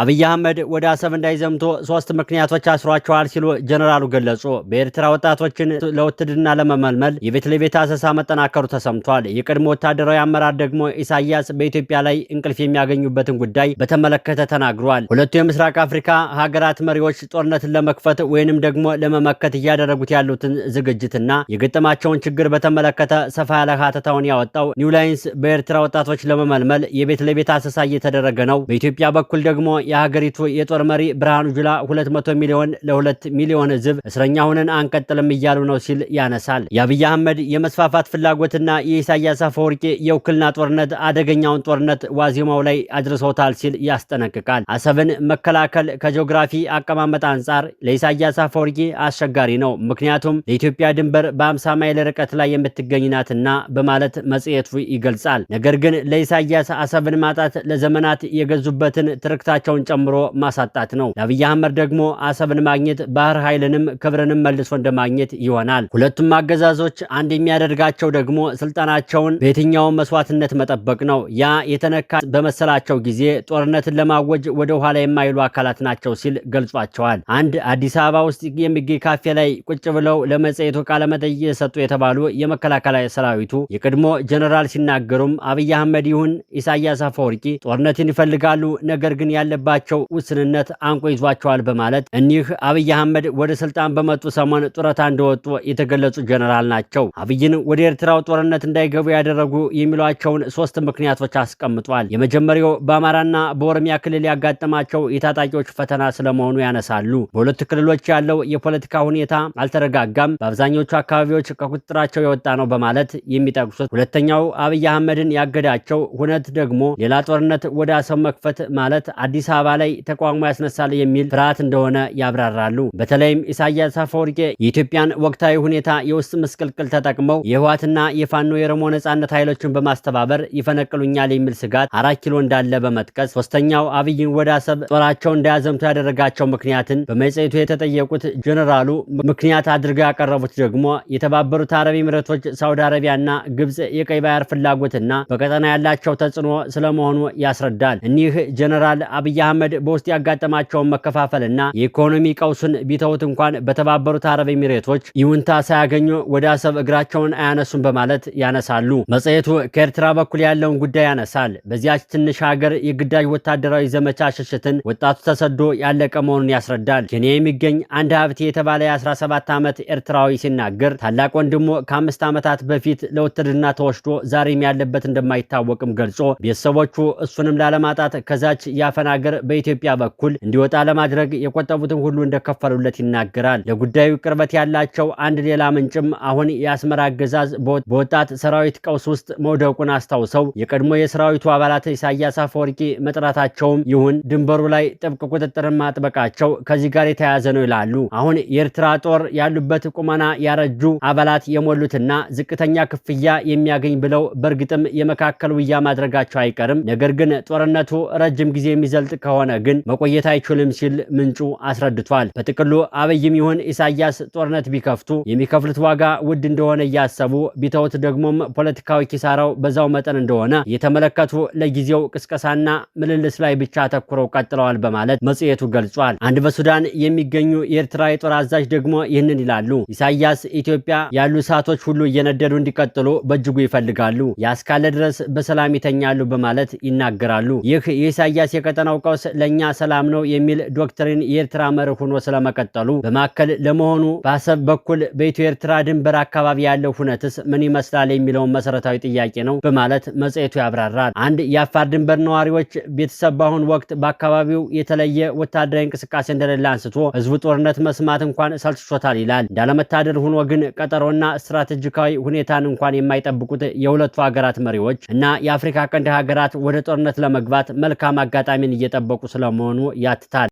አብይ አህመድ ወደ አሰብ እንዳይዘምቶ ሶስት ምክንያቶች አስሯቸዋል ሲሉ ጀኔራሉ ገለጹ። በኤርትራ ወጣቶችን ለውትድና ለመመልመል የቤት ለቤት አሰሳ መጠናከሩ ተሰምቷል። የቀድሞ ወታደራዊ አመራር ደግሞ ኢሳያስ በኢትዮጵያ ላይ እንቅልፍ የሚያገኙበትን ጉዳይ በተመለከተ ተናግሯል። ሁለቱ የምስራቅ አፍሪካ ሀገራት መሪዎች ጦርነትን ለመክፈት ወይንም ደግሞ ለመመከት እያደረጉት ያሉትን ዝግጅትና የገጠማቸውን ችግር በተመለከተ ሰፋ ያለ ሀተታውን ያወጣው ኒው ላይንስ በኤርትራ ወጣቶች ለመመልመል የቤት ለቤት አሰሳ እየተደረገ ነው፣ በኢትዮጵያ በኩል ደግሞ የሀገሪቱ የጦር መሪ ብርሃኑ ጁላ 200 ሚሊዮን ሚሊዮን ለሁለት ሚሊዮን ህዝብ እስረኛ ሆነን አንቀጥልም እያሉ ነው ሲል ያነሳል። የአብይ አህመድ የመስፋፋት ፍላጎትና የኢሳያስ አፈወርቂ የውክልና ጦርነት አደገኛውን ጦርነት ዋዜማው ላይ አድርሶታል ሲል ያስጠነቅቃል። አሰብን መከላከል ከጂኦግራፊ አቀማመጥ አንጻር ለኢሳያስ አፈወርቂ አስቸጋሪ ነው፣ ምክንያቱም ለኢትዮጵያ ድንበር በአምሳ ማይል ርቀት ላይ የምትገኝ ናትና በማለት መጽሔቱ ይገልጻል። ነገር ግን ለኢሳያስ አሰብን ማጣት ለዘመናት የገዙበትን ትርክታቸውን ሻለቃውን ጨምሮ ማሳጣት ነው። ለአብይ አህመድ ደግሞ አሰብን ማግኘት ባህር ኃይልንም ክብርንም መልሶ እንደማግኘት ይሆናል። ሁለቱም አገዛዞች አንድ የሚያደርጋቸው ደግሞ ስልጣናቸውን በየትኛውም መስዋዕትነት መጠበቅ ነው። ያ የተነካ በመሰላቸው ጊዜ ጦርነትን ለማወጅ ወደ ኋላ የማይሉ አካላት ናቸው ሲል ገልጿቸዋል። አንድ አዲስ አበባ ውስጥ የሚገኝ ካፌ ላይ ቁጭ ብለው ለመጽሔቱ ቃለመጠይቅ የሰጡ የተባሉ የመከላከያ ሰራዊቱ የቀድሞ ጀነራል ሲናገሩም አብይ አህመድ ይሁን ኢሳያስ አፈወርቂ ጦርነትን ይፈልጋሉ፣ ነገር ግን ያለ ያለባቸው ውስንነት አንቆ ይዟቸዋል በማለት እኒህ አብይ አህመድ ወደ ስልጣን በመጡ ሰሞን ጡረታ እንደወጡ የተገለጹ ጀነራል ናቸው። አብይን ወደ ኤርትራው ጦርነት እንዳይገቡ ያደረጉ የሚሏቸውን ሶስት ምክንያቶች አስቀምጧል። የመጀመሪያው በአማራና በኦሮሚያ ክልል ያጋጠማቸው የታጣቂዎች ፈተና ስለመሆኑ ያነሳሉ። በሁለቱ ክልሎች ያለው የፖለቲካ ሁኔታ አልተረጋጋም፣ በአብዛኞቹ አካባቢዎች ከቁጥጥራቸው የወጣ ነው በማለት የሚጠቅሱት ሁለተኛው አብይ አህመድን ያገዳቸው ሁነት ደግሞ ሌላ ጦርነት ወደ አሰብ መክፈት ማለት አዲስ አዲስ አበባ ላይ ተቋቁሞ ያስነሳል የሚል ፍርሃት እንደሆነ ያብራራሉ። በተለይም ኢሳያስ አፈወርቂ የኢትዮጵያን ወቅታዊ ሁኔታ የውስጥ ምስቅልቅል ተጠቅመው የህወሓትና የፋኖ የኦሮሞ ነጻነት ኃይሎችን በማስተባበር ይፈነቅሉኛል የሚል ስጋት አራት ኪሎ እንዳለ በመጥቀስ ሶስተኛው አብይን ወደ አሰብ ጦራቸው እንዳያዘምቱ ያደረጋቸው ምክንያትን በመጽሔቱ የተጠየቁት ጀኔራሉ ምክንያት አድርገው ያቀረቡት ደግሞ የተባበሩት አረብ ኤምሬቶች፣ ሳውዲ አረቢያና ግብፅ የቀይ ባህር ፍላጎትና በቀጠና ያላቸው ተጽዕኖ ስለመሆኑ ያስረዳል። እኒህ ጀኔራል አብይ አብይ አህመድ በውስጥ ያጋጠማቸውን መከፋፈልና የኢኮኖሚ ቀውሱን ቢተውት እንኳን በተባበሩት አረብ ኤሚሬቶች ይሁንታ ሳያገኙ ወደ አሰብ እግራቸውን አያነሱም በማለት ያነሳሉ። መጽሔቱ ከኤርትራ በኩል ያለውን ጉዳይ ያነሳል። በዚያች ትንሽ ሀገር የግዳጅ ወታደራዊ ዘመቻ ሽሽትን ወጣቱ ተሰዶ ያለቀ መሆኑን ያስረዳል። ኬንያ የሚገኝ አንድ ሀብቴ የተባለ የ17 ዓመት ኤርትራዊ ሲናገር ታላቅ ወንድሞ ከአምስት ዓመታት በፊት ለውትድርና ተወስዶ ዛሬም ያለበት እንደማይታወቅም ገልጾ ቤተሰቦቹ እሱንም ላለማጣት ከዛች ያፈናገ ሀገር በኢትዮጵያ በኩል እንዲወጣ ለማድረግ የቆጠቡትን ሁሉ እንደከፈሉለት ይናገራል። ለጉዳዩ ቅርበት ያላቸው አንድ ሌላ ምንጭም አሁን የአስመራ አገዛዝ በወጣት ሰራዊት ቀውስ ውስጥ መውደቁን አስታውሰው የቀድሞ የሰራዊቱ አባላት ኢሳያስ አፈወርቂ መጥራታቸውም ይሁን ድንበሩ ላይ ጥብቅ ቁጥጥር ማጥበቃቸው ከዚህ ጋር የተያያዘ ነው ይላሉ። አሁን የኤርትራ ጦር ያሉበት ቁመና ያረጁ አባላት የሞሉትና ዝቅተኛ ክፍያ የሚያገኝ ብለው በእርግጥም የመካከል ውያ ማድረጋቸው አይቀርም። ነገር ግን ጦርነቱ ረጅም ጊዜ የሚዘልጥ ከሆነ ግን መቆየት አይችልም ሲል ምንጩ አስረድቷል። በጥቅሉ አብይም ይሁን ኢሳያስ ጦርነት ቢከፍቱ የሚከፍሉት ዋጋ ውድ እንደሆነ እያሰቡ ቢተውት ደግሞም ፖለቲካዊ ኪሳራው በዛው መጠን እንደሆነ የተመለከቱ ለጊዜው ቅስቀሳና ምልልስ ላይ ብቻ አተኩረው ቀጥለዋል በማለት መጽሔቱ ገልጿል። አንድ በሱዳን የሚገኙ የኤርትራ የጦር አዛዥ ደግሞ ይህንን ይላሉ። ኢሳያስ ኢትዮጵያ ያሉ እሳቶች ሁሉ እየነደዱ እንዲቀጥሉ በእጅጉ ይፈልጋሉ፣ ያስካለ ድረስ በሰላም ይተኛሉ በማለት ይናገራሉ። ይህ የኢሳያስ የቀጠናው ቀውስ ለእኛ ሰላም ነው የሚል ዶክትሪን የኤርትራ መርህ ሆኖ ስለመቀጠሉ በማከል ለመሆኑ በአሰብ በኩል በኢትዮ ኤርትራ ድንበር አካባቢ ያለው ሁነትስ ምን ይመስላል የሚለውን መሰረታዊ ጥያቄ ነው በማለት መጽሔቱ ያብራራል። አንድ የአፋር ድንበር ነዋሪዎች ቤተሰብ በአሁኑ ወቅት በአካባቢው የተለየ ወታደራዊ እንቅስቃሴ እንደሌለ አንስቶ ህዝቡ ጦርነት መስማት እንኳን ሰልችቶታል ይላል። እንዳለመታደል ሆኖ ግን ቀጠሮና ስትራቴጂካዊ ሁኔታን እንኳን የማይጠብቁት የሁለቱ ሀገራት መሪዎች እና የአፍሪካ ቀንድ ሀገራት ወደ ጦርነት ለመግባት መልካም አጋጣሚን እየጠ የሚጠበቁ ስለመሆኑ ያትታል።